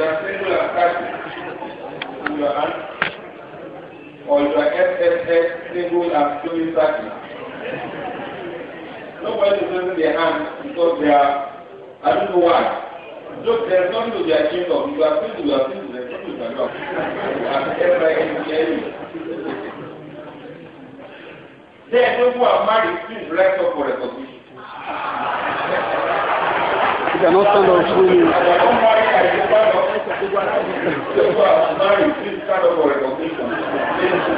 You are saying you are Catholic, you are or you are SSS, single and purely Catholic. Nobody is raising their hand because they are, I don't know why. there is nothing to be ashamed You are single, you are single, You are SSS, There are those who are married, please rise up for recognition. You cannot stand on screen. Because I was married, this kind of recognition. Thank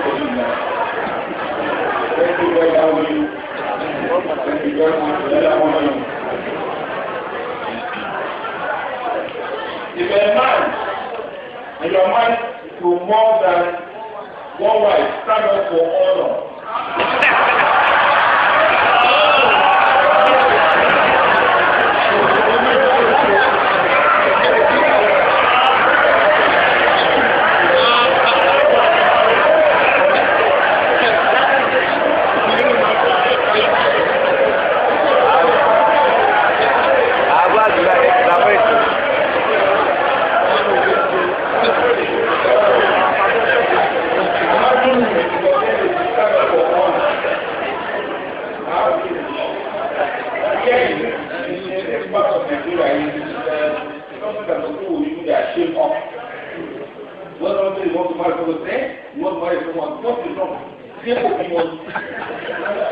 you for doing that. you very much. Thank you very much. Let that one know. If a man and your wife to more than one wife, stand up for honor. say you want to marry for the friend, you want to marry someone, what is wrong? Ṣé kò bímọ ni?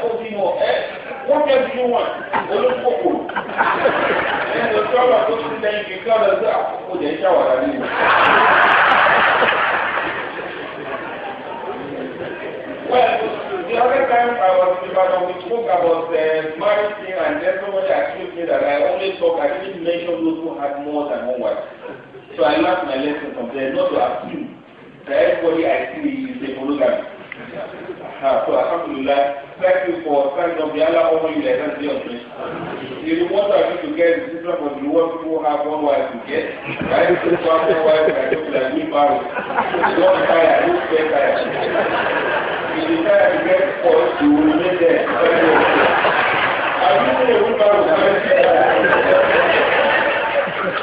Kò bímọ ẹ. Wọ́n jẹ́ bí wọ́n olókòkò. Ẹ lọ sí ọ̀rọ̀ tó ti lẹ́yìn kí kí ọ̀rọ̀ sá kò jẹ́ ṣàwàdà ní ìlú. Well, the other time I was in Ibadan, we spoke about the marriage thing and then somebody accused me that I only talk, I didn't mention those who had more than one wife. So I learned my lesson from there, not to assume everybody eh, I see is a monogamy. Uh, so alhamdulillah, thank you for kind of the Allah over you like that day of this. The reward I need to get is different from the reward people have one wife to get. Right? So far, one wife I look like me married. You don't tire, you don't get tired. If you tire to get spoiled, you will remain there. I'm using a wheelbarrow to get tired.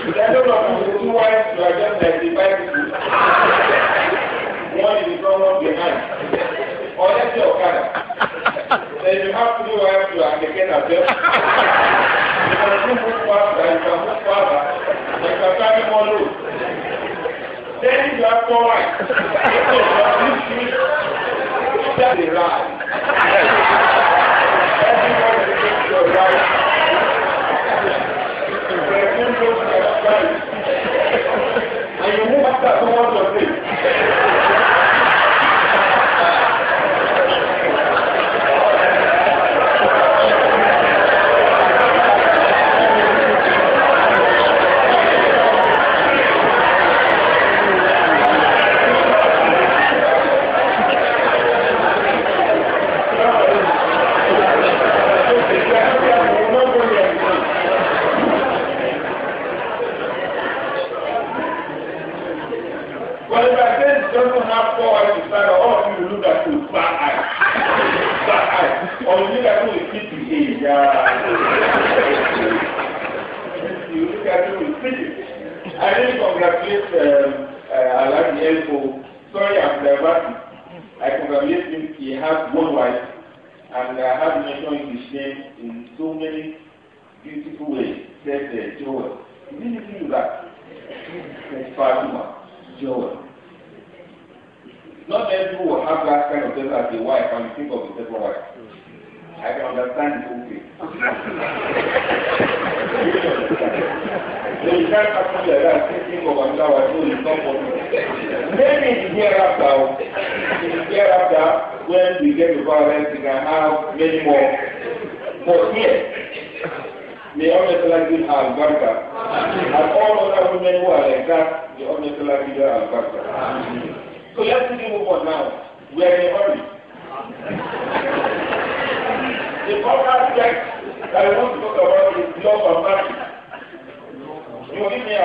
I don't know if you two wives, you are just like the Bible one is the behind. Or let's say Okada. Then you have to do what you have to get yourself. You can move faster, you can move faster, you can carry more load. Then you have to wives. So you have this huge, that's a lie. Everyone is taking your right. And you move after someone to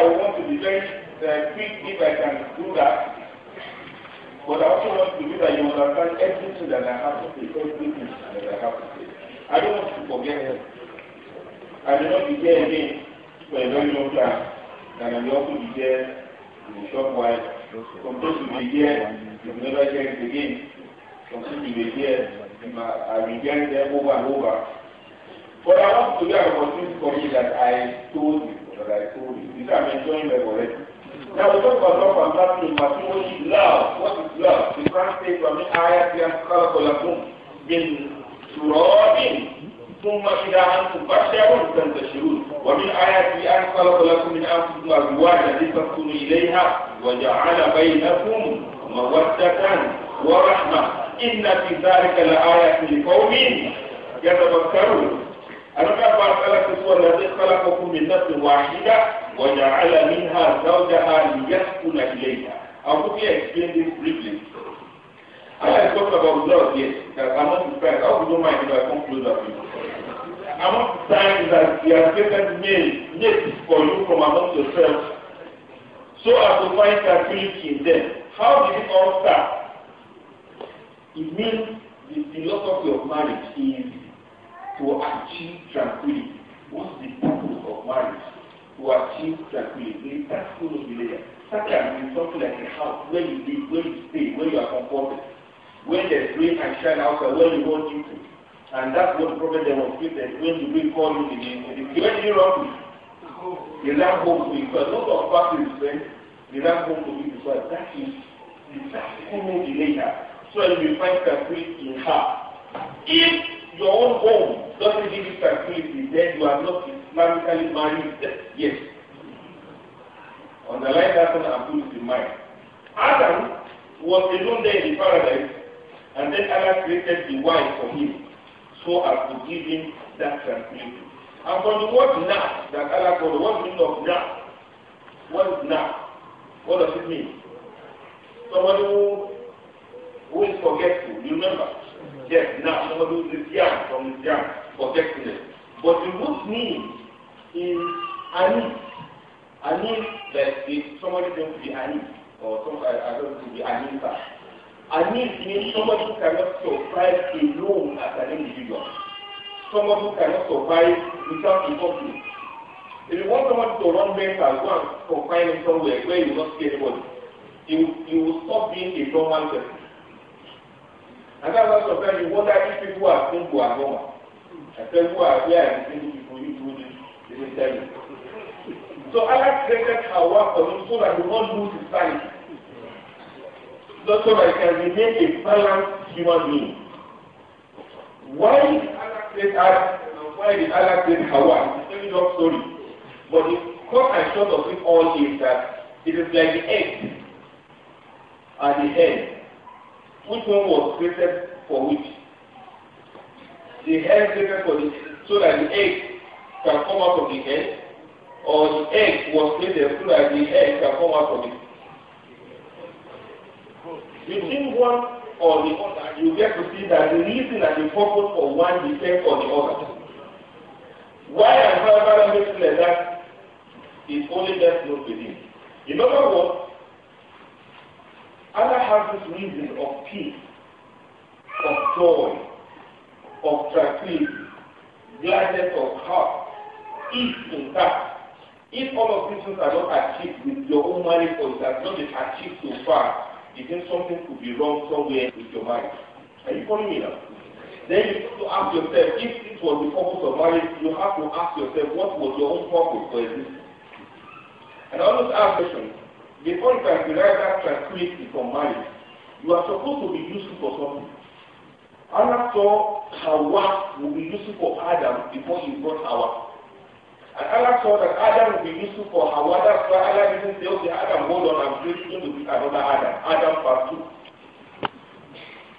I want to be very uh, quick if I can do that. But I also want to be that you understand everything that I have to say, everything that I have to say. I don't want to forget him. I will not be there again for a very long time. And I will also be there in a short while. From those will be here, you will never hear it again. Some things will be here, I will hear them over and over. But I want to be an opportunity for you that I told you. but I told you. You can enjoy them already. Now we talk about love and fasting, but what is love. What is love? The Quran says from the ayat yang kalau kolakum bin turabin ثم إذا أنتم بشر تنتشرون ومن آياته أن خلق لكم من أنفسكم أزواجا لتسكنوا إليها وجعل بينكم مودة ورحمة إن في ذلك لآية لقوم يتفكرون أما بعد خلق هو الذي خلقكم من نفس واحدة وجعل منها زوجها ليسكن إليها I will be explaining this briefly. I like talk about love yes, because I'm not surprised. I hope you don't mind if I come closer to you. I'm not surprised that he has created male mates for you from among yourselves so as to find tranquility in them. How did it all start? It means the philosophy of marriage is to achieve tranquility. What's the purpose of marriage? To achieve tranquility. That's going to be there. Second, it's something like a house where you live, where you stay, where you are comfortable. When there's rain and shine outside, where you want you to. And that's what the prophet demonstrated when the rain called him in the When he run, he ran home to himself. Not of back to his friend, he ran home to be himself. That is the second later. So you find tranquility in her. If your own home doesn't give you tranquility, then you are not Islamically married yet. Underline that one and put it in mind. Adam was alone there in paradise, and then Allah created the wife for him so as to give him that tranquility. And from the word now that Allah called, what meaning of now? What is now? What does it mean? Somebody who, who is forgetful, you remember? reject. Now, somebody who is young, from is young, forgetting it. But the root mean is anis. Anis, that is somebody going to be anis, or somebody I, don't to be anisa. Anis means somebody who cannot survive alone as an individual. Someone who cannot survive without a company. If you want someone to run better, go and confine him somewhere where you not see anybody. You, you will stop being a normal person. And that's why sometimes you wonder if people are going to normal. And people who are here and single people, you do this, they will tell you. So Allah created Hawa for him so that he won't lose his sanity. Not so that he can remain a balanced human being. Why did Allah create us? Why did Allah create Hawa? It's a very long story. But the cut and short of it all is that it is like the egg and the hen Which one was created for which? The head created for this, so that the egg can come out of the head, or the egg was created so that the egg can come out of it. Between one or the other, you get to see that the reason and the purpose for one depends on the other. Why and how about making like that is only best known within. In other words, Allah has this reason of peace, of joy, of tranquility, gladness of heart, ease in fact. If all of these things are not achieved with your own marriage or it has not been achieved so far, you think something could be wrong somewhere with your marriage. Are you following me now? Then you have to ask yourself, if this was the purpose of marriage, you have to ask yourself, what was your own purpose for existence? And I always ask questions. Before you can you that tranquility is from marriage. You are supposed to be useful for something. Allah saw work will be useful for Adam before he brought Hawa. And Allah saw that Adam will be useful for Hawa. That's why Allah didn't say, okay, Adam, hold on, I'm creating you with another Adam. Adam part two.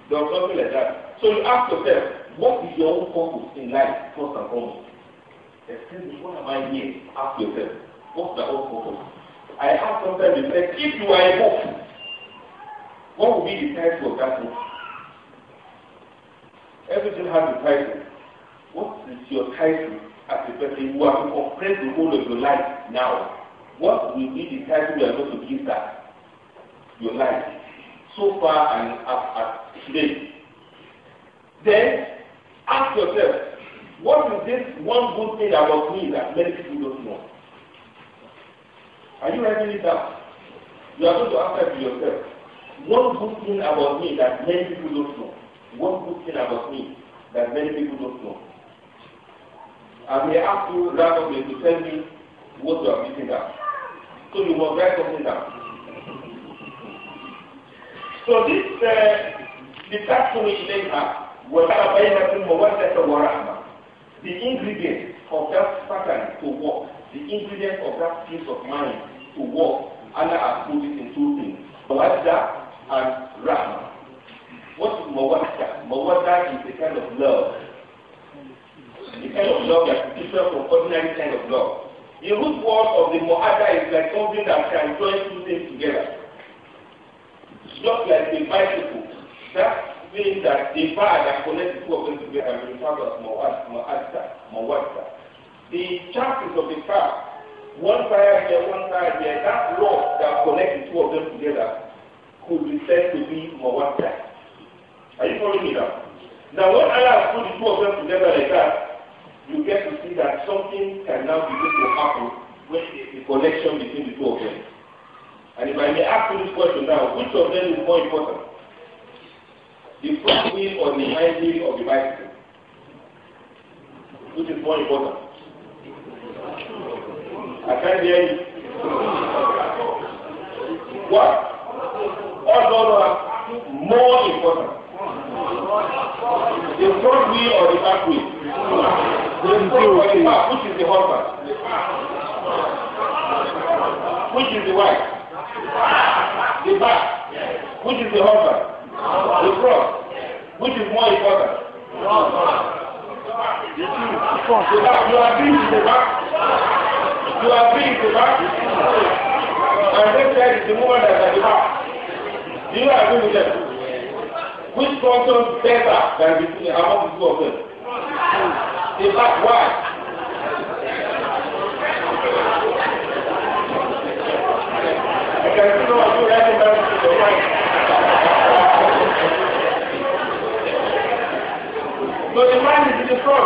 There was something like that. So you ask yourself, what is your own purpose in life, first and foremost? Excuse me, why am I here? Ask yourself, what's the own purpose? I have sometimes they say, if you are a hope, what will be the price of that hope? Everything has a price. What is your title as a person who has oppressed the whole of your life now? What will be the title you are going to give that? Your life. So far and up as today. Then ask yourself, what is this one good thing about me that many people don't know? Are you writing it down? You are going to answer to yourself. One good thing about me that many people don't know. One good thing about me that many people don't know. And may ask you randomly to tell me what you are missing down. So you must write something down. So this uh, detachment later وَتَعَ بَيْنَكُمْ مَوَدَّةَ وَرَحْمَةً The ingredient of that pattern to work, the ingredient of that peace of mind to walk, Allah has put it in two things, mawadda and rahmah. What is mawadda? Mawadda is a kind of love. The kind of love that is different from ordinary kind of love. The root word of the mu'adda is like something that can join two things together. It's Just like the bicycle. That means that the bar that connects two of them together can be referred as mu'adda. The chassis of the car one fire here, one fire here, that law that connects the two of them together could be said to be Mawata. Are you following me now? Now when Allah put the two of them together like that, you get to see that something can now begin to happen with the connection between the two of them. And if I may ask you this question now, which of them is more important? The front wheel or the hind wheel of the bicycle? Which is more important? àtẹ́ni ẹ̀yìn. Wá ọ̀dọ́dọ̀ more important. The front wheel or the back wheel? The front or the back, which is the husband? Which is the wife? The back. Which is the husband? The front. Which is more important? You are being the back. You are being the back. And this side is the woman that the back. Do you agree with them? Which functions better than between the two of them? The back, why? I can see no one writing So the man is in the front,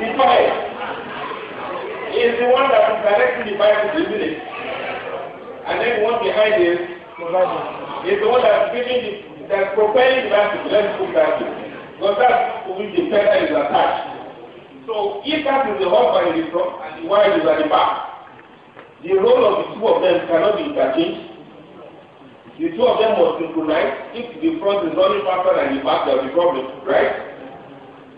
He fire. He is the one that is directing the fire to the village. And then the one behind is he is the one that is giving the, that propelling the man to let go back. Because that's who the feather is attached. So if that is the husband in the front and the wife is at the back, the role of the two of them cannot be interchanged. The two of them must synchronize. If the front is running faster than the back, there will be problems, right?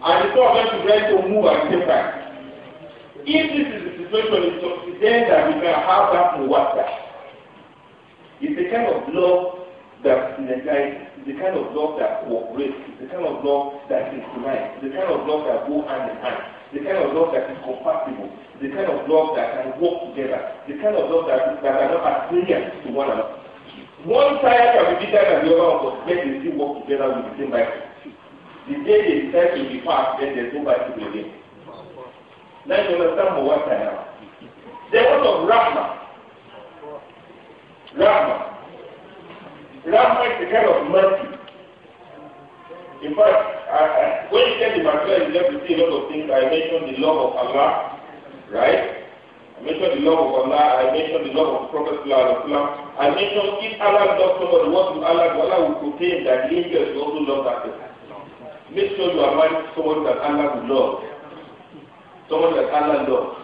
and the two of them should try to move at the same time. If this is the situation, it's then that we can have that muwasa. It's the kind of love that energizes, the kind of love that cooperates, the kind of love that is nice, the kind of love that goes hand in hand, the kind of love that is compatible, the kind of love that can work together, the kind of love that, that are not adherent to one another. One side can be bigger than the other one, but yet they still work together with the same life. the day they start to be fast then they go back to the day now you understand more what I am then what of rahma rahma rahma is the kind of mercy in fact uh, when you get the material you have to see a lot of things I mentioned the love of Allah right I mentioned the love of Allah. I mentioned the love of Prophet I mentioned if Allah loves somebody, what will Allah do? Allah will proclaim that angels also love that person. Make sure you are married to someone that Allah will love. Someone that Allah loves.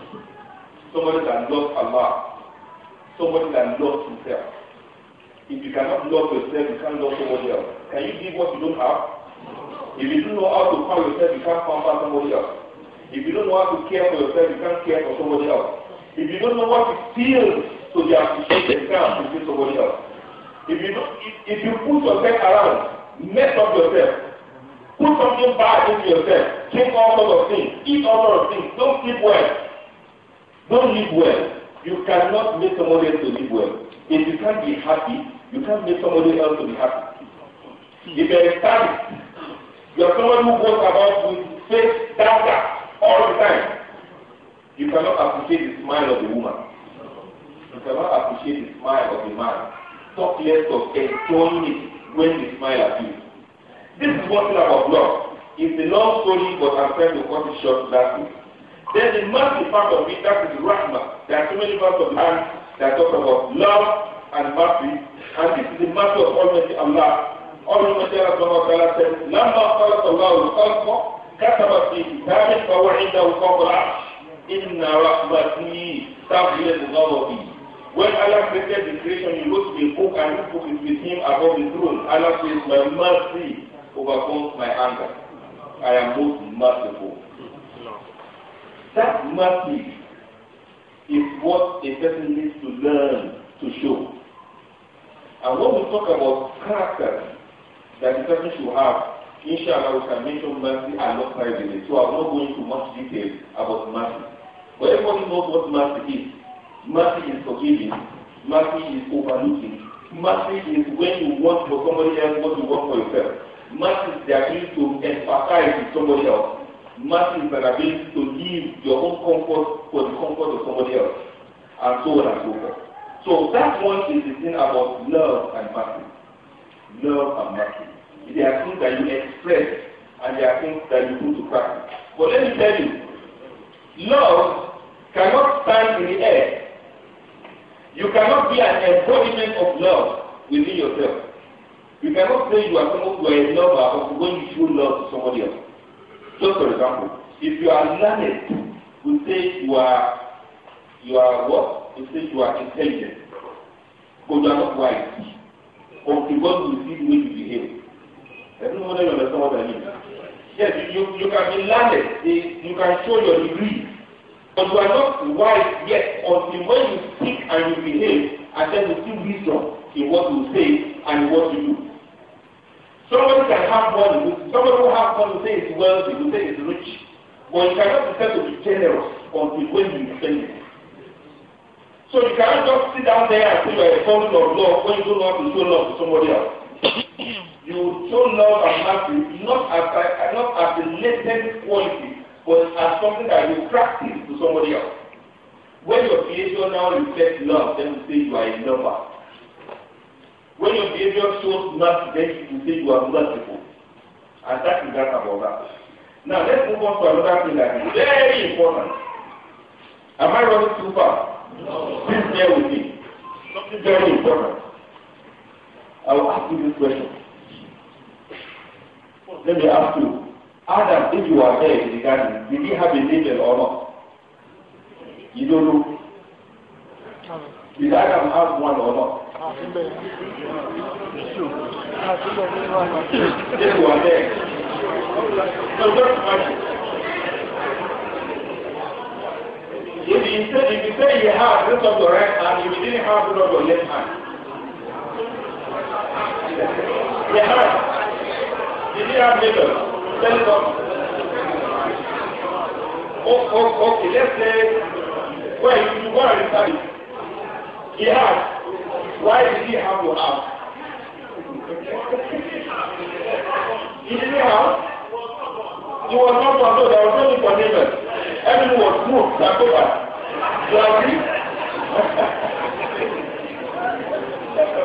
Someone that loves Allah. Someone that loves himself. If you cannot love yourself, you can't love somebody else. Can you give what you don't have? If you don't know how to pamper yourself, you can't pamper somebody else. If you don't know how to care for yourself, you can't care for somebody else. If you don't know what it feels to be appreciated, you can't appreciate somebody else. If you, do if, if you put yourself around, mess up yourself, Put something bad into yourself. Drink all sorts of things. Eat all sorts of things. Don't sleep well. Don't live well. You cannot make somebody else to live well. If you can't be happy, you can't make somebody else to be happy. If you're a you are someone who goes about with face data all the time. You cannot appreciate the smile of the woman. You cannot appreciate the smile of the man. Talk less of enjoying it when they smile at you. This is what thing about love. It's a long story, but I'm trying to cut it short that way. There's a massive part of it that is rahma. There are so many parts of man that talk about love and mercy, and this is the matter of Almighty Allah. Almighty Allah subhanahu wa ta'ala says, لما خلق الله الخلق كتب في كتابه فهو عنده فوق العرش إن رحمتي تغلب غضبي. When Allah created the creation, he wrote a book and this book is with him above the throne. Allah says, My mercy overcomes my anger. I am most merciful. That mercy is what a person needs to learn to show. And when we talk about character that a person should have, inshallah we can mention mercy and not it. So I'm not going into much detail about mercy. But everybody knows what mercy is. Mercy is forgiving. Mercy is overlooking. Mercy is when you want for somebody else what you want for yourself mercies they are going to empathize with somebody else, mercies that are going to give your own comfort for the comfort of somebody else, and so on and so forth. So that one is the thing about love and mercy. Love and mercy. There are things that you express and there are things that you put to practice. But let me tell you, love cannot stand in the air. You cannot be an embodiment of love within yourself. You cannot say you are someone who are in love about when you show love to somebody else. So for example, if you are learned, we say you are you are what? We say you are intelligent. But you are not wise. Or because you see the way you behave. Everyone understand what I mean. Yes, you, you can be learned, eh, you can show your degree. But you are not wise yet until when you think and you behave, and then you see wisdom in what you say and what you do. Somebody can have money. Somebody who has money will say it's wealthy, will say it's rich. But you cannot pretend to be generous until when you spend it. So you cannot just sit down there and say you're are a foreign of love when you don't love to show love to somebody else. you show love and mercy not as a, not as a latent quality, but as something that you practice to somebody else. When your creation now reflects love, then you say you are a lover. When your behavior shows not then you say you are merciful. And that is that about that. Now let's move on to another thing that is very important. Am I running too far? No. Please bear with me. Something very important. I will ask you this question. Let me ask you. Adam, if you were there in the garden, did he have a angel or not? You don't know. Did Adam have one or not? If you if you say you have this on your right hand, you didn't have it on your left hand. You have. You didn't have it. Tell us. okay. Let's say where you were in study, He has. Why did he have your house? He didn't have. He was not one there was no for neighbors. Everyone was smooth, like over. You agree?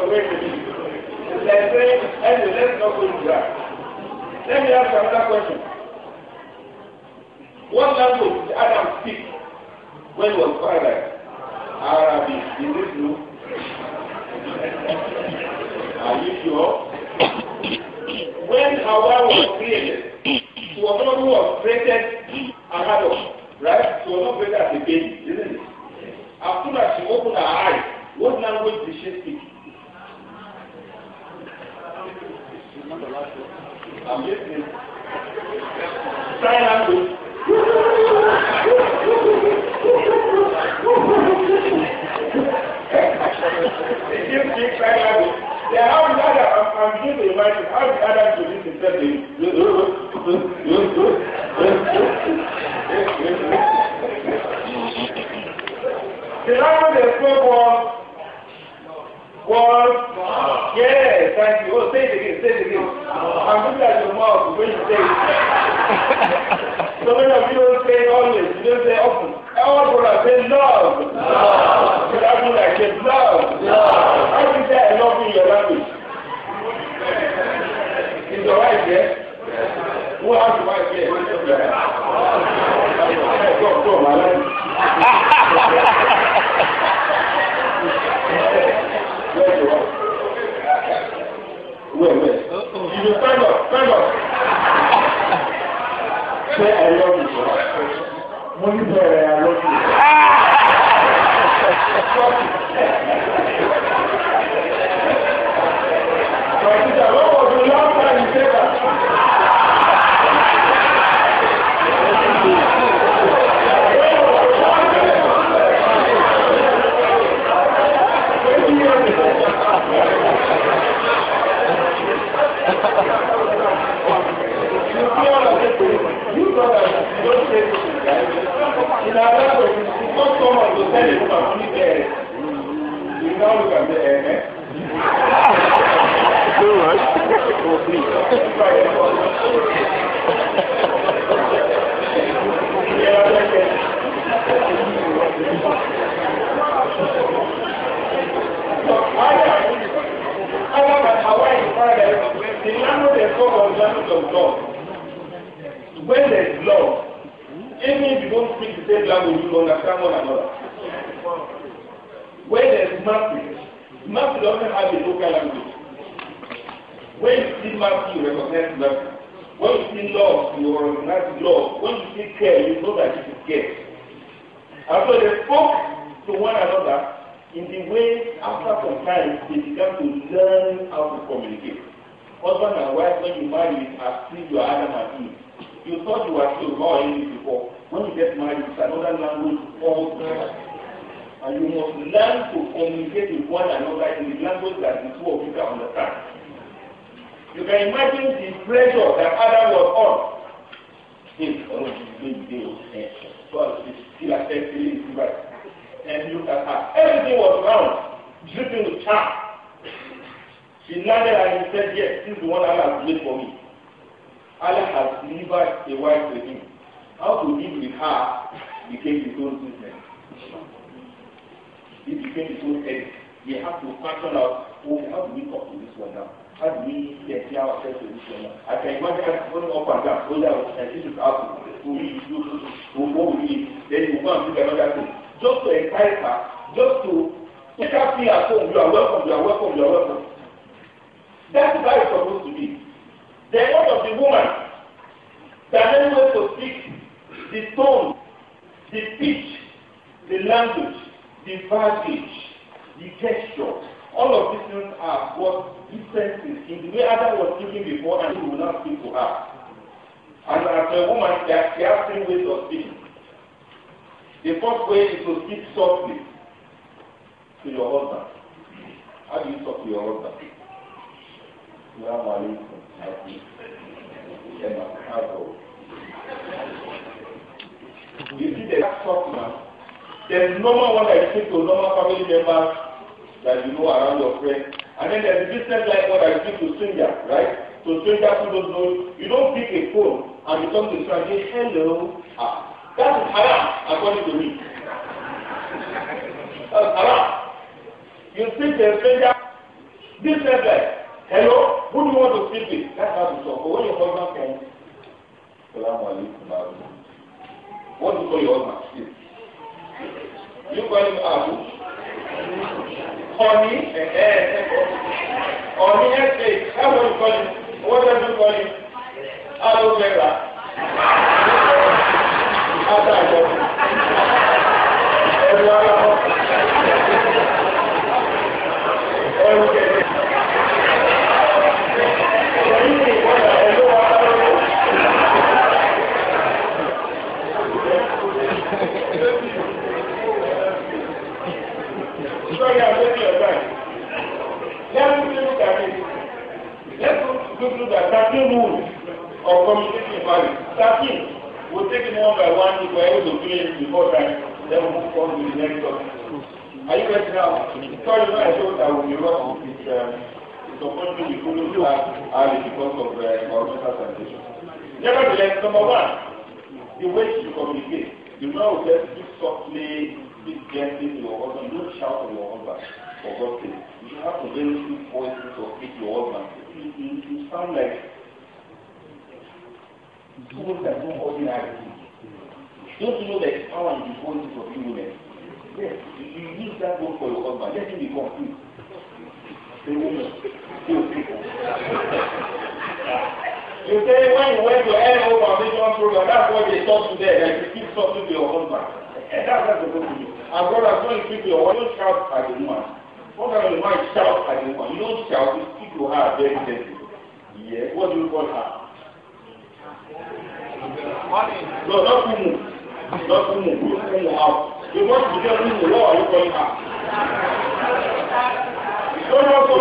Wait a let's not go into that. Let me ask another question. What language did Adam speak when he was paradise? Arabic. Is this true? Are you sure? When Hawa was created, she was not who was created an adult, right? She was not created as a baby, isn't it? As soon as she opened her eyes, what language did she speak? I'm listening. Sign next level. When you see love, you recognize love. When you see care, you know that it is care. And so they spoke to one another in the way after some time they began to learn how to communicate. Husband and wife, when you marry, are as if you are Adam and Eve. You thought you were still more English before. When you get married, it's another language altogether. And you must learn to communicate with one another in the language that the two of you can understand you can imagine the pressure that Adam was on. Still, ọ̀rọ̀ ti gbé ìdè o. So I he still accepting it right. And look at her. Everything was round, dripping with charm. She landed and he said, yes, this is the one Allah has made for me. Allah has delivered a wife to him. How to live with her became his own business. It became his own head. They have to function out, oh, how do we talk to this one now? hadi yɛtia wata to ni sɛlɛ atɛgbɛn ka fɔlɔ ɔkpa ka o la o ɛti tu ka ko o yi o o o o yi ɛti o kɔn fi ka n'ɔda to dɔkita yɛ ka yɛ ka dɔkita yɛ ka fi a ko you are welcome you are welcome you are welcome that is how it suppose to be the word of the woman the main way to speak the tone the pitch the language the verbiage the gesture all of these things are what differences in the way Adam was speaking before and he will not speak to her. And as a woman, there are, there are three ways of speaking. The first way is to speak softly to your husband. How do you talk to your husband? You have my little oh. You see, the last talk man. There's normal one I speak to normal family members that you know around your friend. And then there's a business like what I give to stranger, right? To stranger who don't know, you don't pick a phone and you come to stranger say, hello. Ah, that is haram, according to me. That's haram. You speak to a stranger, business like, hello, who do you want to speak with? That's how you talk. But when your husband comes, salam alaikum, what do you call your husband? you call him abu ọ̀ní ẹ̀ẹ́ ẹ̀ẹ́dẹ́gbọ́ ọ̀ní ẹ̀ẹ́dẹ́ ẹ̀wọ̀n you call him what does you call him aloe vera after i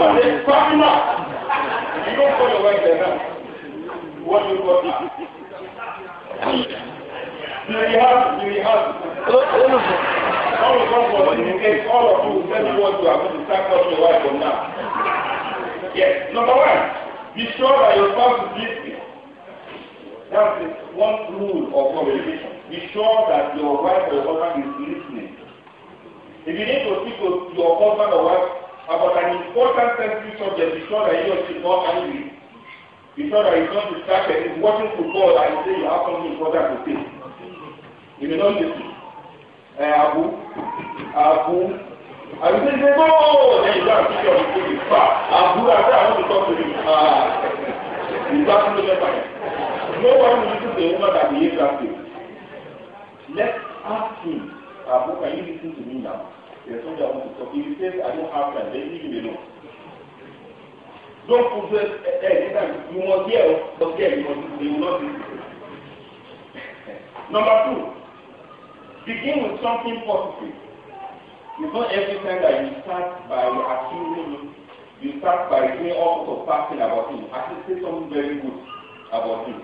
wà ní kọ́mínà yóò kọ́ yọ̀wọ́ ẹ̀jẹ̀ náà wọ́n ní kọ́ bí. Yìí ha yìí ha. Olùkọ́. Olùkọ́ for the all of you tell me what you to start for your wife from now. Yes, number one, be sure that your spouse is listening. That is one rule of communication. Be sure that your wife or your husband is listening. If you need to speak to your husband or wife, about an important sensitive subject before that you should not angry before that you don't distracted if watching football and you say you have something important to say you may not listen eh, ẹ abu abu àbí ṣe ṣe tó then you go and pick your mistake. with fa abu àti I want to talk to you ah, gats know your mind no one will listen to a woman that behave that way let's ask him abu can you listen to me now. They told you I want to talk. If you say I don't have time, then leave me alone. Don't put eh, eh, this eh, anytime. You must hear, but yeah, you must you will not listen. Number two, begin with something positive. It's not every time that you start by accusing you start by saying all sorts of bad things about him. I Actually say something very good about him.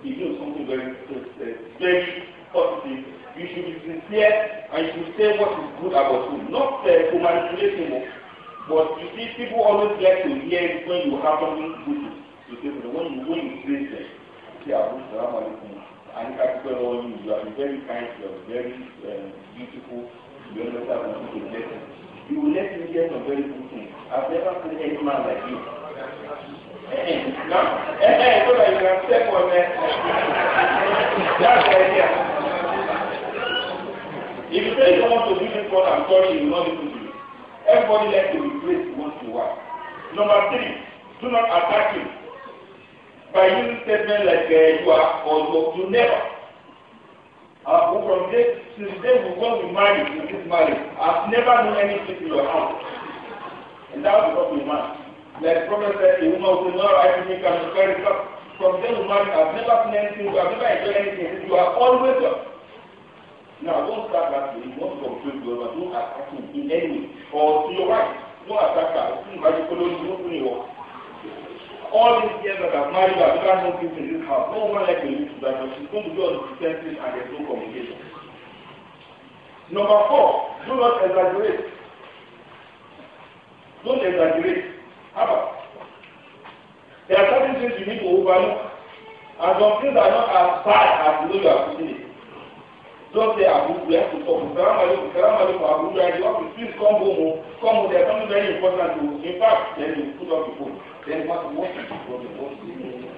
Begin with something very eh, very positive you should be sincere and you should say what is good about him. Not uh, eh, to manipulate him, but you see, people always get to hear when you have something good to say to them. When you, when eh, you praise them, say, Abu Salam alaikum. And if I tell all you, you are very kind, you are very um, beautiful, you understand what you bless You will let me hear some very good things. I've never seen any man like you. Eh, eh, no, eh, eh, so that you can step on that. That's the idea. If you say you want to do this what I'm sorry, you will not be able to do it. Everybody likes to be praised once in a while. Number three, do not attack him by using statements like uh, you are or you, never. Uh, from day since day we when to married in this marriage, I've never known anything in your house. And that was what we married. Like Prophet said, the woman who not write to me can carry up. From then we married, I've never seen anything, I've never enjoyed anything. You are always up. Now, don't start battling, don't confuse God, but don't attack him in any or to your right. Don't attack her. Don't marry colony, don't do your All these years that I've married her, I've never known people in this house. No one like me to that, but she's going to do all the pretenses and there's no communication. Number four, do not exaggerate. Don't exaggerate. How There are certain things you need to overlook. And some things are not as bad as the way you are putting it don't say Abuja, you have to talk. Salaam alaikum, Salaam alaikum, Abuja, you have to please come home. Come home, there's something very important to In fact, then you put up the phone. Then what, what is the problem? What is the problem?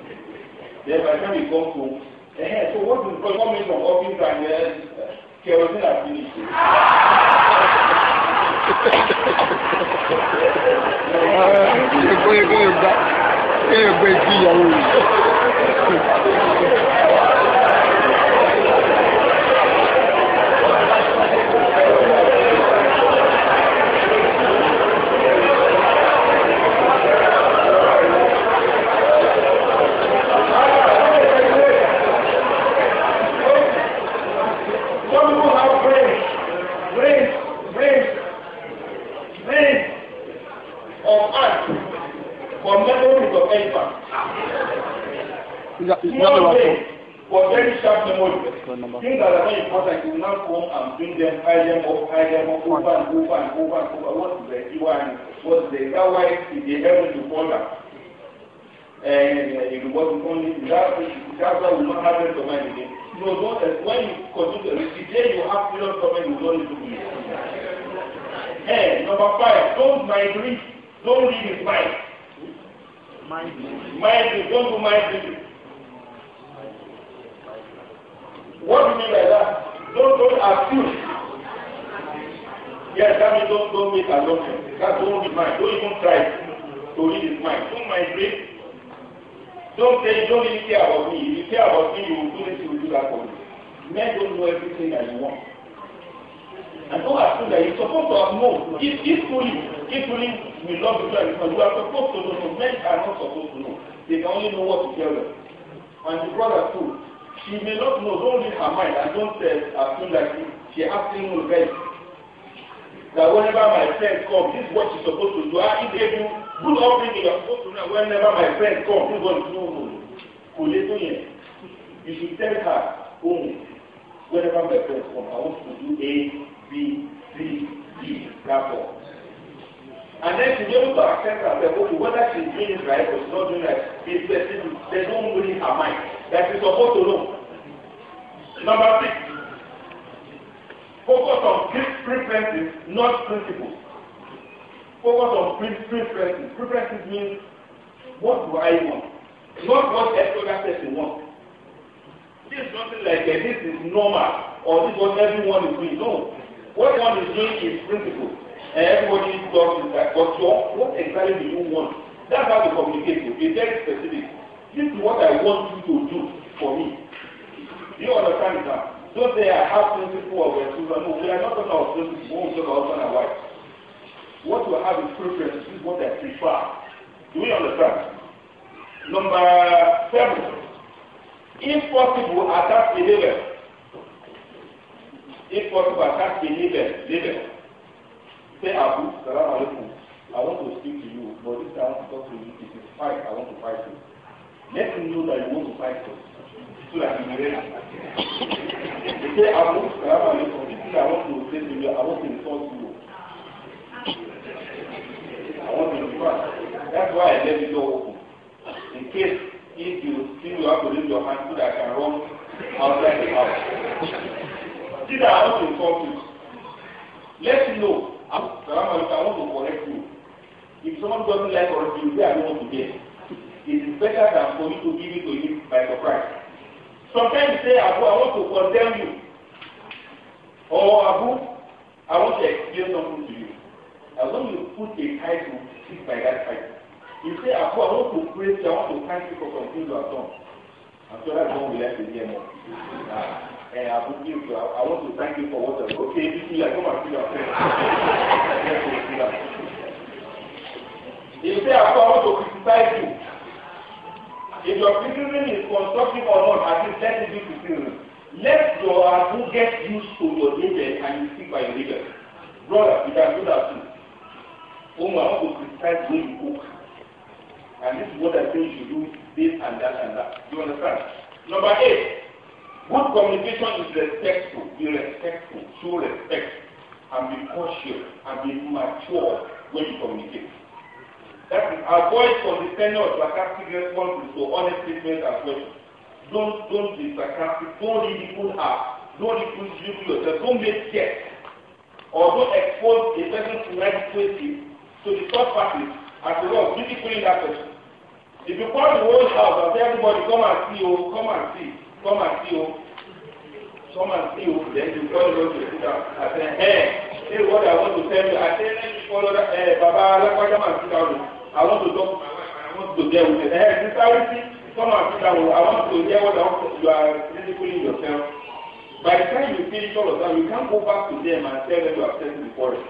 Then by the time you come home, eh, so what is coming from office and uh, kerosene has finished? Ẹ gbé ìgbéyàwó rẹ̀. they can only know what to tell them. And the brother too, she may not know, don't read her mind and don't tell her feel like she actually knows best. That whenever my friend come, this is what she's supposed to do. I ah, if they do good upbringing, you're supposed to know whenever my friend come, this is what she's do. Kò lè tó yẹn. You should tell her, oh, whenever my friends come, I want to do A, B, C, D, that one. And then to be able to accept that, okay, whether she's doing it right or she's not doing it right, is specific. There's no mood in her mind that she's supposed to know. Number six, focus on preferences, not principles. Focus on preferences. Preferences means what do I want? Not what every other person wants. This is nothing like This is normal or this is what everyone is doing. No. What one is doing is principles. Everybody talks is that, but your, what exactly do you want? That's how we communicate. Be very specific. This is what I want you to do for me. Do you understand now? Don't say I have principle of your children. No, we are not talking about principle. We won't talk about husband and wife. What you have is preference. This is what I prefer. Do you understand? Number seven. If possible, attach a label. If possible, attach a label. label say abu salaam alaikum i want to speak to you but this time i want to talk to you it is fight i want to fight you let me know that you want to fight me. so that you ready he say abu salaam alaikum this thing i want to say to you i want to insult you i want to fight that's why i let the door open in case if you still you have to raise your hand so that i can run outside the house see that i want to insult you let me know Salaam alaikum, I want to correct you. If someone doesn't like or you say I don't want to get, it is better than for me to give it to him by surprise. Sometimes say, Abu, I want to condemn you. Or Abu, I want to explain something to you. And when you put a title, sit by that title. You say, Abu, I want to praise you, I want to thank you for something you have done. I'm sure that's one we like to hear more and I would give, I want to thank you for what I Okay, this is like, come and see your friend. He said, I want to criticize you. If your criticism is constructive or not, I think let you be criticism. Let your abu get used to your label and you stick by your label. Brother, you can do that too. Oh, I want to criticize when you cook. And this is what I think you do, this and that and that. you understand? Number eight. Good communication is respectful. Be respectful. Show respect. And be cautious and be mature when you communicate. That is, avoid condescending or sarcastic responses to honest statements and questions. Don't, don't be sarcastic. Don't ridicule her. Don't ridicule yourself. Don't make threats. Or don't expose a person to inadequacy to the third party as a way of ridiculing that person. If you call the whole house and say everybody come and see, oh, come and see sọ́mà sí o sọ́mà sí o lẹ́yìn tọ́lọ́ lọ́dún síta àtẹ ẹ̀ ṣé wọ́n dà wọ́n tó tẹ́lẹ̀ àtẹ lẹ́yìn fọlọ́ ẹ̀ bàbá alápájá mà síta o àwọn tó tọ́ àwọn tó jẹ́ òun ẹ̀ ẹ̀ sísáré sí sọ́mà síta o àwọn tó jẹ́ wọ́n dà wọ́n tó yọ critically yourself by the time you finish all of that you can go back to them and tell them you have said before it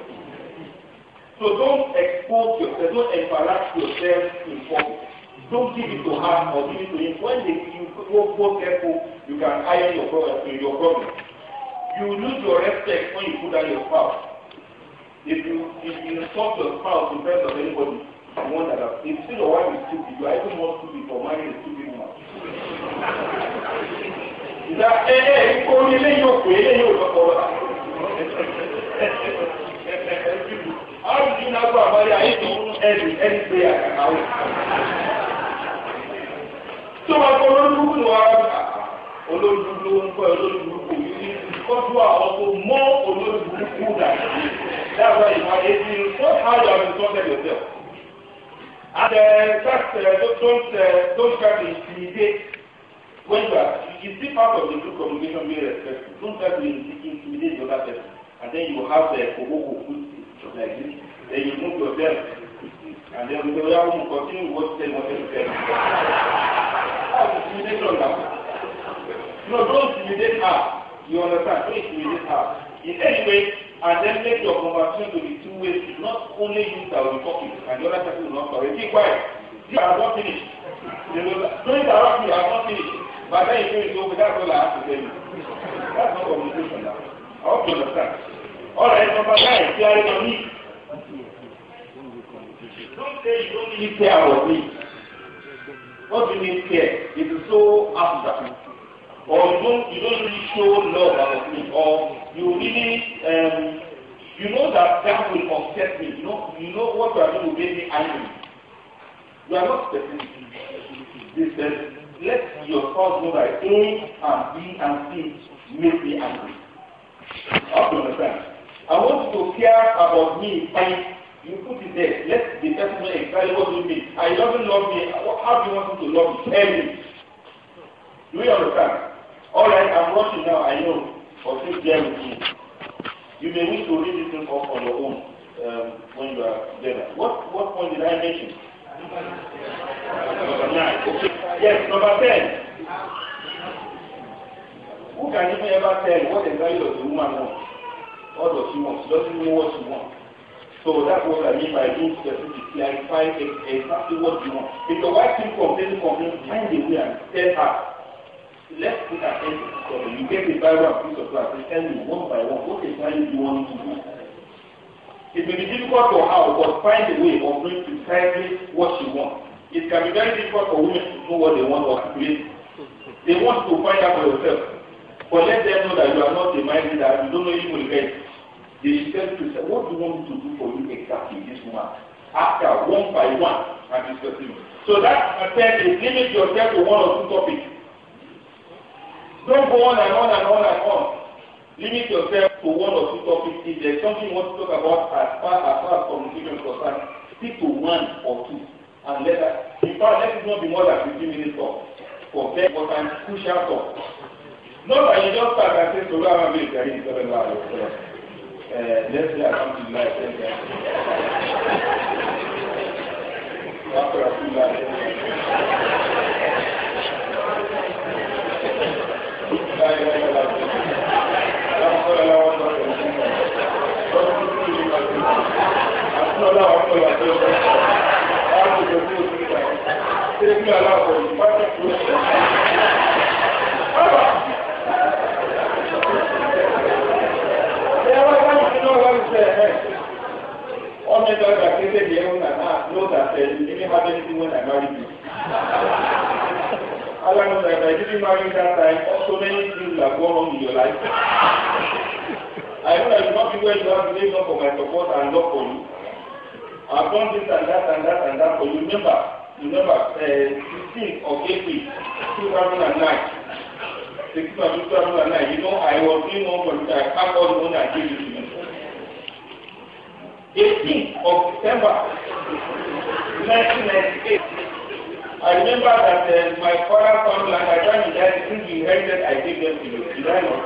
so don't expose yourself don't embarrass yourself in public. Don't give it to her or give it to him. When they, you go for careful, you can iron your problem. Your problem. You lose your respect when you put down your spouse. If you if you insult your spouse in front of anybody, you wonder that if still your wife is stupid, you are even more stupid for marrying a stupid man. That eh eh, you ni eléyìí your queen, òkú ọkọ wa. How do you now go about it? I don't doing any any prayer tó máa kọ olódùkú ni wàá rà olódùkú ló ń kọ olódùkú yìí kọ́tù àwọn tó mọ́ olódùkú dà dábàá ìwà ètí tó hàjà ọ̀rẹ́ tó tẹ̀lé tẹ̀. Adẹ sasẹ tó ń sẹ tó ń sẹ intimidate when you are you see part of the true communication being respectful don't try to intimidate the other person and then you have the koboko food like this then you move yourself àti ẹni tó yáwó nǹkan tí nǹkan ti tẹ̀lé ọ̀tẹ̀ tẹ̀lé. Láti fi mi dé lọ́la. No, don't intimidate her. You understand? Don't intimidate her. In any way, attempting your conversation to be two ways is not only you that will be talking and the other person will not talk. Keep quiet. See, I have not finished. You know, don't interrupt me. I have not finished. But then you finish over. That's all I have to tell you. That's not communication now. I hope you understand. All right, number nine, clearing on You don't say you don't really care about me. What do you mean care? It is so abstract. Or you don't, you don't really show love about me. Or you really, um, you know that that will upset me. You know, you know what you are doing will make me angry. You are not specific. They said, let your thoughts know that A and B and C make me angry. I hope you understand. I want you to care about me by You put it there. Let the person know exactly what you mean. I love don't love me. How do you want me to love you? Tell me. Do you understand? All right, I'm rushing now. I know. For sit there with me. You may wish to read this thing off on your own um, when you are together. What what point did I mention? Number nine. Okay. Yes, number ten. Who can even ever tell what exactly does the woman want? What does she want? She doesn't know what she wants. So that's what I mean by being specific. Clarify exactly what you want. If your wife keeps complaining, complaining, find a way and tell up, Let's put an end to this problem. You get the Bible and piece of glass and tell me one by one what exactly you want to do. It may be difficult for her, but find a way of doing precisely what she wants. It can be very difficult for women to know what they want or to create. They want to find out for yourself. But let them know that you are not a mind reader, you don't know you will get they tell you say what do you want me to do for you exactly this woman after one by one I and discussing so that method is limit yourself to one or two topics don't go on and on and on and on limit yourself to one or two topics if there is something you want to talk about as far as far as communication is concerned stick to one or two and let that in fact let it not be more than fifteen minutes long. for very important crucial talk not that you just start and say sori ara mi ìgbà yìí sọ́dọ̀ lọ́wọ́ àlọ́ sọ́dọ̀. Eh, let's say alhamdulillah ten times after alhamdulillah ten times. Thank you. my daughter created the heaven and earth knows herself, she didn't have anything when I married you. Allah knows that if I didn't marry you that time, so many things have gone wrong in your life. I know that you not be where you are today, not for my support and love for you. I've done this and that and that and that for you. Remember, remember, uh, 16th of April, 2009. 16th of 2009, you know, I was doing one for you, I packed all the money I gave you to me. 18th of December 1998. I remember that uh, my father found land. I tried to die. The he inherited, I gave them to you. You know, know.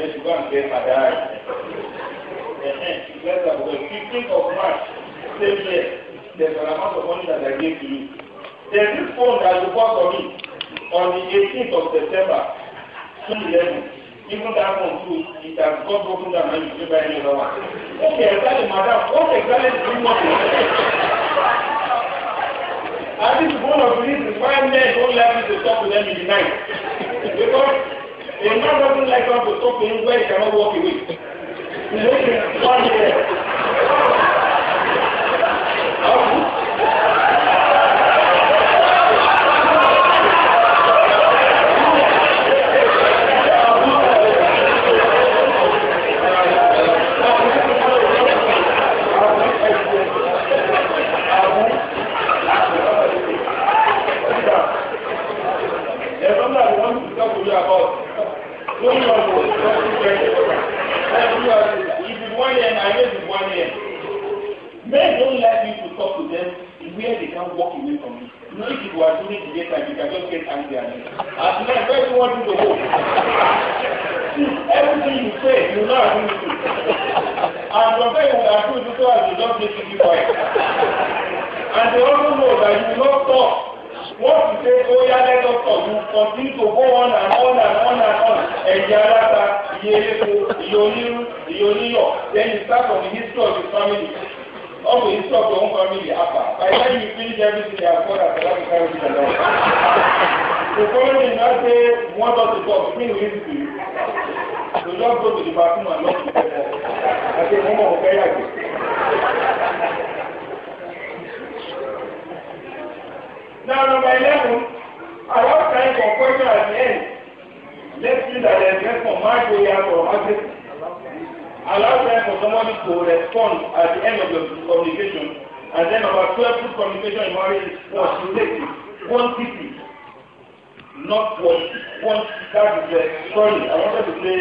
Then she go and get her dad. Uh-huh. She said that 15th of March, same year, there's an amount of money that I gave to you. There's this phone that you bought for me on the 18th of September 2011 even that one too, if that God broken that man, you should buy another one. Okay, exactly, madam. What exactly do you want to say? And this is one of the reasons why men don't like me to talk to them in the night. Because a man doesn't like us to talk to him where he cannot walk away. You know, one year. fear they can't walk away from it. You know, if you are doing it later, you can just get angry at me. As men, where do you want me to go? Everything you say, you know how to And from there, sometimes you are doing it so as you just make it quiet. And they also know that you will not talk. Once you say, oh yeah, let us talk, you continue to go on and on and on and on. and Ẹ̀jẹ̀ aláta, iye epo, iye oníru, iye oníyọ̀, then you start from the history of your family ọmọ yìí sọ for one family apá by the time you finish everything you have got as a lot of carry with along. the following na say one door to door between we two to just go to the bathroom and lock the door i say mo mọ ọkọ ẹyà now number eleven i wan try for question at the end let's see that the investment match wey you allow time for somebody to respond at the end of your communication. And then about 12 good communication in marriage is postulative, quantity, not quality. Quantity, that is the, uh, story. I wanted to say,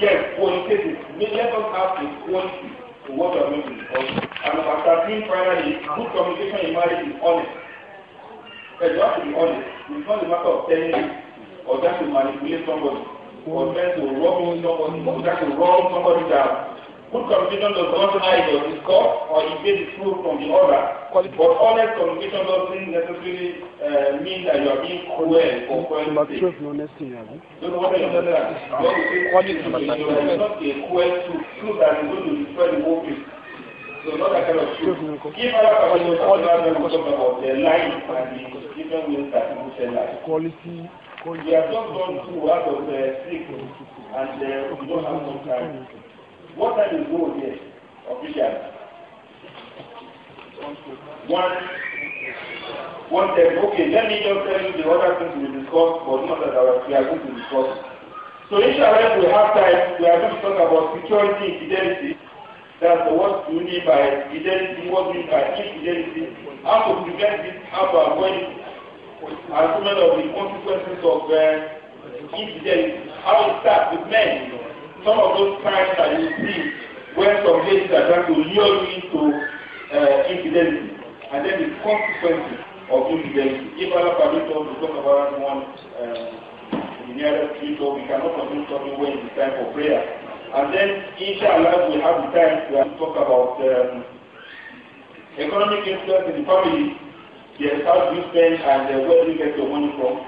yes, qualitative. Let us have a quality to what we are doing. And about thirteen, finally, good communication in marriage is honest. Because you have to be honest. It's not a matter of telling you or just to manipulate somebody for men to wrong someone, for that to wrong somebody down. Good communication does not either discuss or evade the truth from the other. But honest communication doesn't necessarily uh, mean that you are being cruel or cruel. Number 12, Don't next thing, have you? Don't know what I understand. God is saying, not a cruel truth, truth that is going to destroy the whole place. So not that kind of truth. Give other communication to talk about their life and the different ways that people say life. Quality We have just gone through out of uh, six and uh, we don't have much time. What time is goal here, officially? One. One step. Okay, let me just tell you the other things we discussed, but not that we are going to discuss. So inshallah, we have time. We are going to talk about security fidelity. That's what you mean by fidelity, what you mean by infidelity, how to prevent this, how to avoid it, argument of the consequences of uh, incidents, how it starts with men. Some of those crimes that you see where some ladies are trying to lure you into uh, infidelity, and then the consequences of infidelity. If Allah permits us to talk about that one uh, in the nearest future, we cannot continue talking when it's time for prayer. And then, inshallah, we have the time to talk about um, economic influence in the family Yes, how do you spend and uh, where do you get your money from?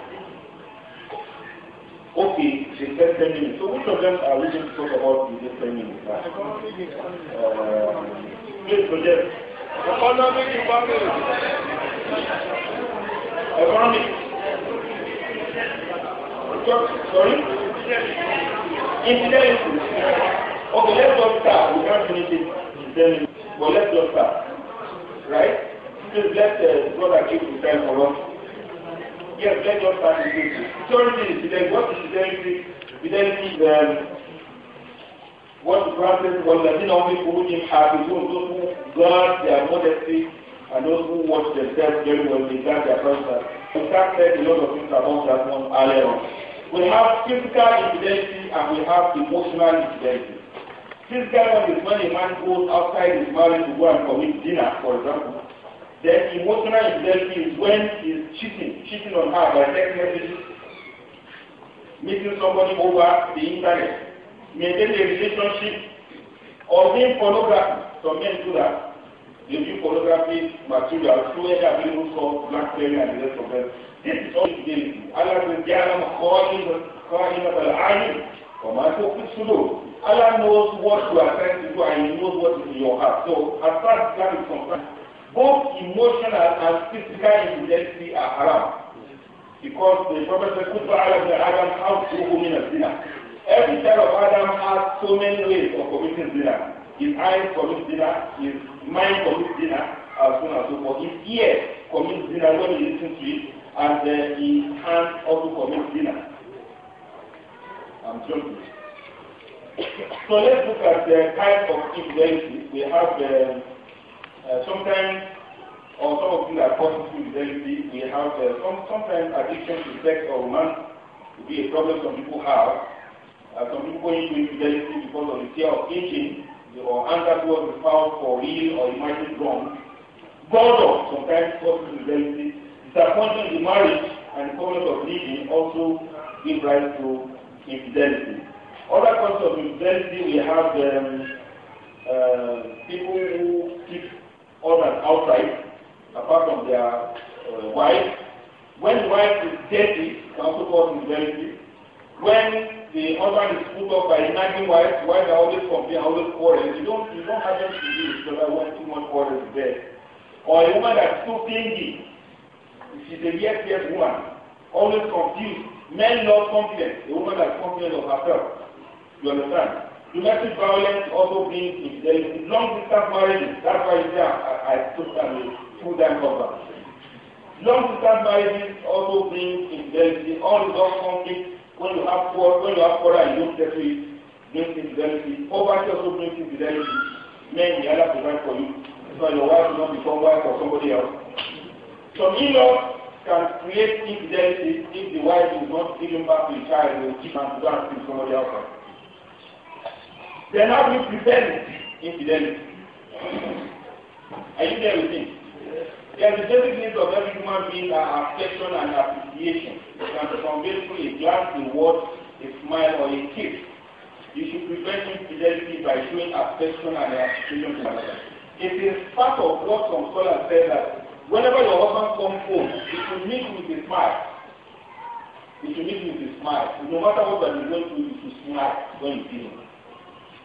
Okay, she said 10 minutes. So which of them are we going to talk about in this 10 minutes? Uh, please, project. Economic impact. Economic. Sorry? Intelligence. Okay, let's just start. We can't finish it in 10 minutes. But let's just start. Right? Please let the brother keep his time for us. Yes, let us start the meeting. Security is what is security? Fidelity is um, what the Prophet was the thing only who whom have is those who guard their modesty and those who watch themselves very well, they guard their process. We can't say a lot of things about that one earlier on. We have physical infidelity and we have emotional infidelity. Physical one is when a man goes outside his marriage to go and commit dinner, for example. Then emotional infidelity is when he's cheating, cheating on her by text messages, meeting somebody over the internet, maintaining a relationship, or being pornography. Some men do that. They view pornography material through any available source, BlackBerry and the rest of them. This is all infidelity. Allah says, Ya'lam kha'imat al-ayn, وَمَا تُخْفِي الصُّدُورُ Allah knows what you are trying to do and He knows what is in your heart. So, as far as that is concerned, both emotional and physical infidelity are haram because the prophet said kutu alam na adam how to women as dinner every child of adam has so many ways of committing dinner his eyes commit dinner his mind commit dinner as soon as so forth his ear commit dinner when he lis ten to it and then uh, his hand also commit dinner i'm joking so let's look at the type of influences we have. Uh, Uh, sometimes, or some of you are positive infidelity, we have uh, some, sometimes addiction to sex or romance to be a problem some people have. Uh, some people going into infidelity because of the fear of aging or anger towards the spouse for real or imagined wrong. Boredom sometimes causes infidelity. Disappointment in marriage and problems of living also give rise to infidelity. Other causes of infidelity we have um, uh, people who keep on and outside, apart from their uh, wife. When wife is dirty, it's also called infidelity. When the husband is put off by nagging wife, wife are always complain, always quarrel. You don't, you don't have anything to do with each when too much quarrel is there. Or a woman that's too clingy. She's a yes, yes woman. Always confused. Men love confidence. A woman that's confident of herself. You understand? Domestic violence also brings in there is long distance marriages. That's why I, I took them full time cover. Long distance marriages also brings in there is the unresolved conflict when you have poor when you have poor and you get it brings infidelity. Poverty also brings infidelity. Men the other provide for you. so your wife will not become wife for somebody else. Some in-laws can create infidelity if the wife is not giving back to the child They will keep and go and somebody else. They are do you prevent incidentally. Are you there with me? There is a basic needs of every human being are affection and appreciation. You can conveyed through a glance, a word, a smile, or a kiss. You should prevent infidelity by showing affection and appreciation to others. It is part of what some scholars say that whenever your husband comes home, you should meet with a smile. You should meet with a smile. No matter what you are going through, you should smile when you see him.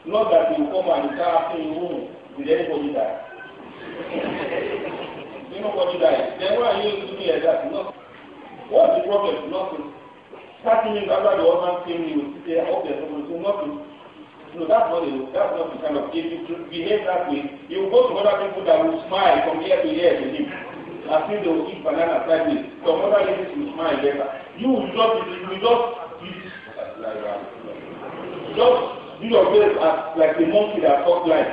Not that you come and start asking who did anybody die? you know what you die. Then why are you doing like that? No. What's the problem? Nothing. Starting in after the husband came in, you say, I hope there's somebody say nothing. No, that's not the that's not the kind of if you behave that way, you go to other people that will smile from here to here to him. I think they will eat banana sideways. Some other ladies will smile better. You will just you will just you just Judas just as like the monkey that talk like.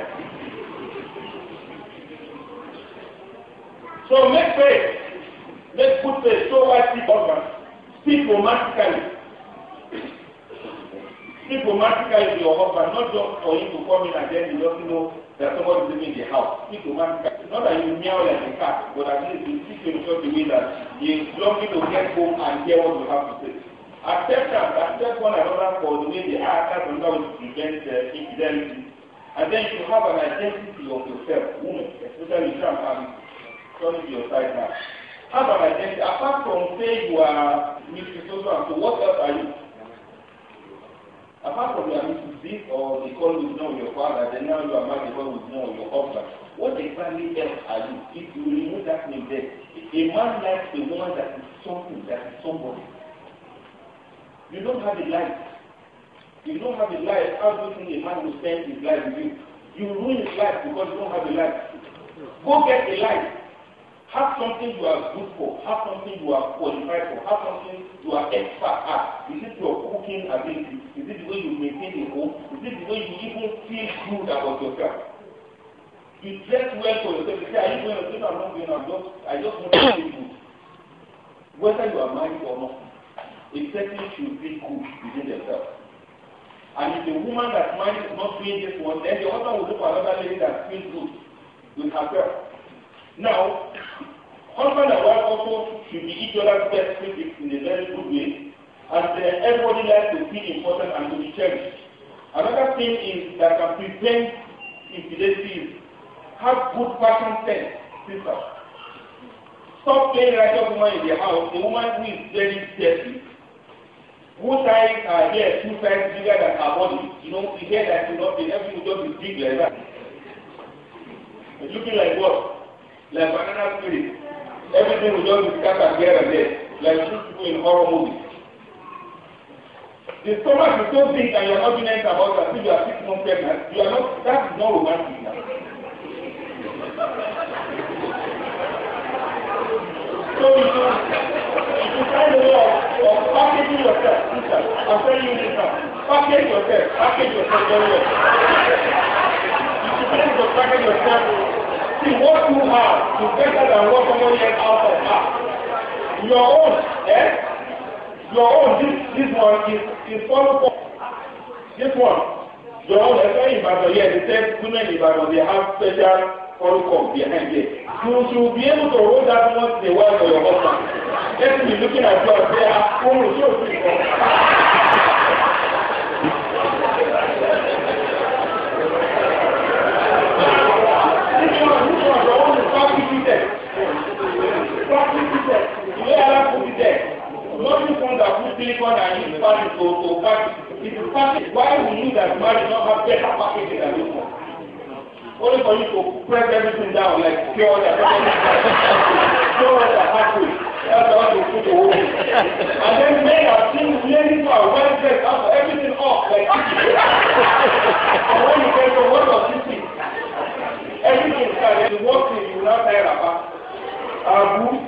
So make faith. Make put faith. so why speak organs. Speak romantically. Speak romantically to your husband, not just for him to come in and then he doesn't know that someone is living in the house. Speak romantically. Not that you meow like a cat, but at least you speak to him such a way that he is longing to get home and hear what you have to say. acceptance, accept one another for the way they are, that's another would prevent uh, infidelity. And then you have an identity of yourself, woman, especially if you am turning to your side now. Have an identity, apart from saying you are Mister. So so what else are you? Apart from you are Mrs. This or they call you now your father, then now you are married with no your husband. What exactly else are you? If you remove that name there, a man likes the woman that is something, that is somebody. You don't have a life. You don't have a life. How do you think a man will spend his life with you? You ruin his life because you don't have a life. Go get a life. Have something you are good for. Have something you are qualified for. Have something you are expert at. Is it your cooking ability? Is it the way you maintain a home? Is it the way you even feel good about yourself? You dress well for yourself. You say, are you going to sleep? I'm not going. I'm just, I just want to feel good. Whether you are married or not. Except should be good within themselves. And if the woman that man is not doing this one, then the other will look for another lady that feels good with herself. Now, husband and wife also should be each other's best critics in a very good way, and uh, everybody likes to feel important and to be cherished. Another thing is that can prevent infidelity is have good fashion sense, sister. Stop playing like a woman in the house, a woman who is very dirty full time are here two times bigger than our body you know e get that you know the every day just big like that It's looking like what like banana spirit everything we just discuss am here and there like two people in horror movies. the stomach is so big and you are not doing anything about that. until you are six months pregnant you are not that is not romantic na. so you know you find a law of packaging yourself, inside, I'm telling you this now. Package yourself, package yourself very you find to package yourself, see what you have is better than what someone else has. Your own, eh? Your own, this, this one is, is follow This one, your own, especially in Ibadan, yeah, they said women in they have special follow behind it. You should be able to hold that once in a while for your husband. If you're looking at God, they are only your people. Nothing from that good silicon and his family to to package. It's a package. Why we knew that marriage not have better packaging than this Only for you to press everything down like pure that. Pure that package. That's how you put And then men are seen really far, well dressed, have everything off like this. and when you get to what does this mean? Everything is fine. You walk in, you will not tire about. Abu.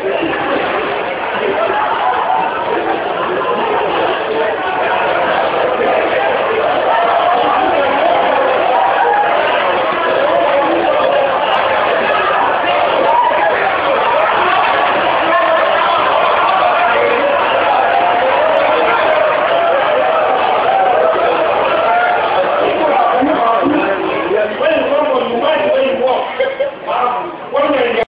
Thank you.